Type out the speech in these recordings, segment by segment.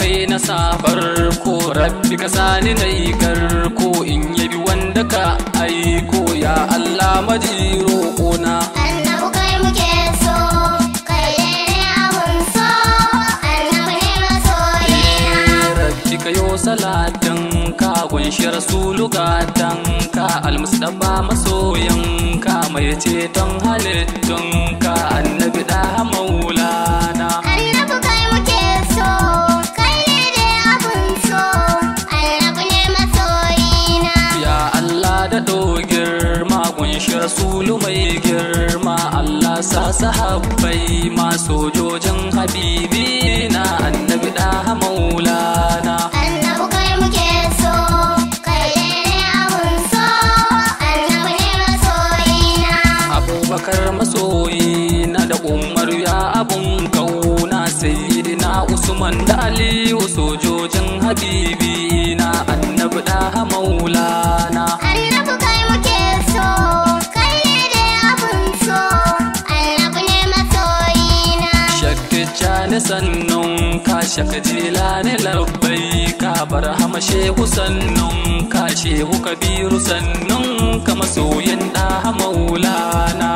kai na safar ko rabbi ka sani na yi garko in yabi wanda ka aiko ya Allah maji kona. Annabu kai muke so, abun so, annabu ne ka yo salatin ka kunshi rasuluka gatan ka almustaba masoyan ka mai ceton halittun ka annabi da maula. rasulu mai girma Allah sa sahabbai ma sojojin habibi na annabi da maulana annabi abubakar masoyina da umar ya abun kauna sayyidina usman da aliyu sojojin habibi na annabi da maulana sannan sannun ka shaka jela ne labbai ka bar hama shehu sannun ka shehu kabiru sannun ka masoyin ɗaha maulana.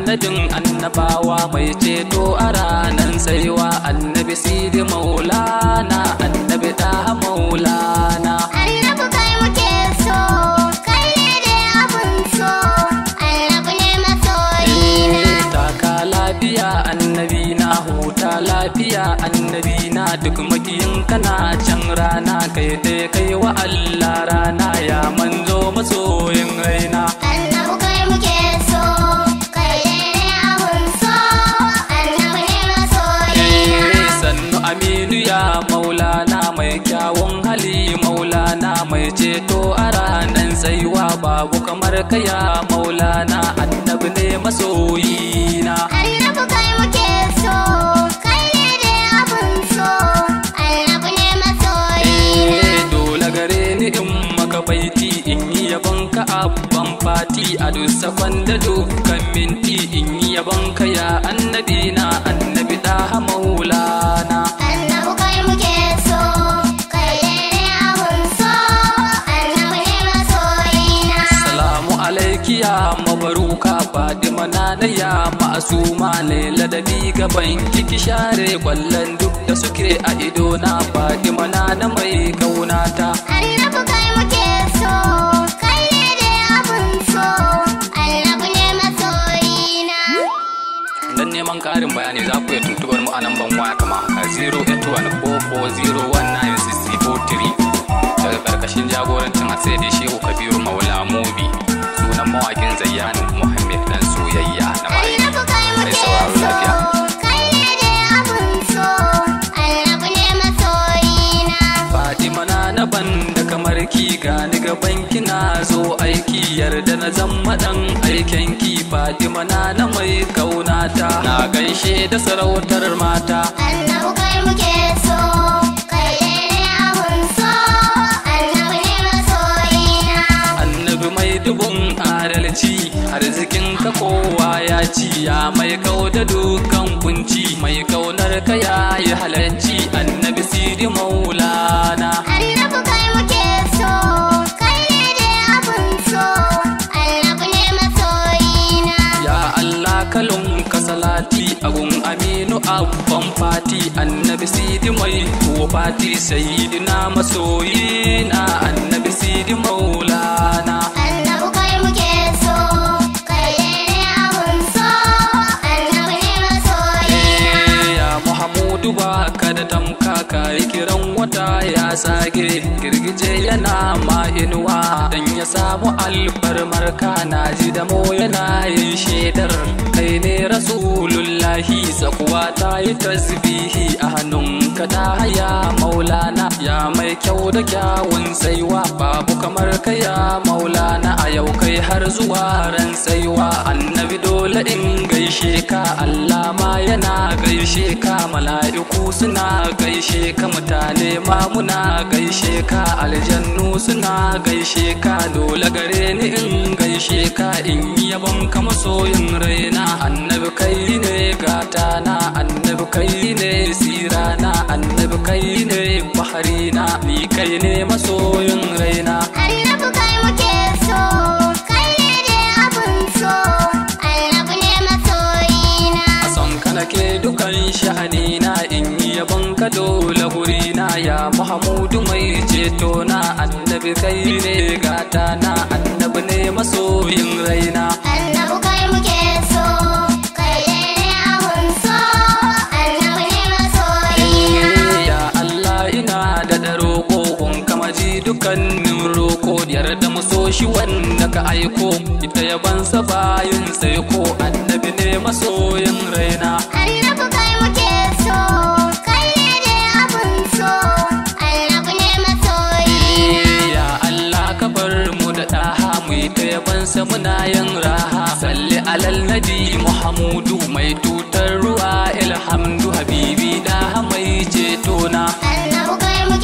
annabin annabawa mai ceto a ranar saiwa annabi sidi maulana annabi ta maulana kai te kai wa Allah rana ya manzo masoyin raina eh, sannu aminu maulana mai kyawun hali maulana mai ceto a ranan tsaiwa babu kamar kaya maulana annabi ne masoyina annabi kai muke minti in yi yabon ka a ban fati a dusa kwanda dukkan minti in yi yabon ka ya annabi na annabi da maulana salamu alaiki ya mabaruka fadima na na ya ma'asuma ne ladabi gaban kiki share kwallon duk da suke a ido na fadima na na mai kaunata lambar mu a namban waya kama 4 08144019643 daga karkashin jagorancin da shehu kabiru maula mobi sunan mawakin zayyanu muhammad dan soyayya na mahaifa mai lafiya na kamar ki gani gaban kina zo aiki yarda na zama dan aiken ki Fatima na na harshe da sarautar mata annabu kai muke so kai ne abun so annabu ne masoyina annabi mai dubun adalci arzikin ka kowa ya ci ya mai kau da dukan kunci mai kaunar ka yayi halarci annabi fati agun aminu abban fati annabi sidi mai ko fati sayidi na masoyi na annabi sidi maulana annabu kai muke so kai ne abun so annabi ne masoyi eh, ya muhammadu ba ka da tamka ka yi kira sake girgije yana ma inuwa dan ya samu alfarmar kana ji da mo yana yin shaidar kai ne rasulullahi tsakuwa ta yi tasbihi a hannun. ta haya maulana ya mai kyau da kyawun saiwa babu kamar kaya maulana a yau kai har zuwa ran saiwa annabi dole in gaishe ka Allah ma yana gaishe ka mala'iku suna gaishe ka mutane ma muna gaishe ka aljannu suna gaishe ka dole gare ni in gaishe ka in yabon ka masoyin raina annabi kai ne gata na annabi kai ne sira na annabi kai ne bahari na ni kai ne masoyin raina annabi sha'anina na in yabon ka dole guri na ya muhammadu mai ceto na annabi kai ne gata na annabi ne masoyin raina annabi kai muke so kai ne annabi ne masoyina eh, ya allah ina da daro ko dukkanin roko yar so shi wanda ka aiko ita yabansa bayin sai ko annabi ne masoyin raina annabi kai muke so kai ne da abun so annabi ne masoyi ya Allah ka bar mu da daha mu ita yabansa muna yin raha salli alal nabi muhammadu mai tutar ruwa ilhamdu habibi da mai ceto na annabi kai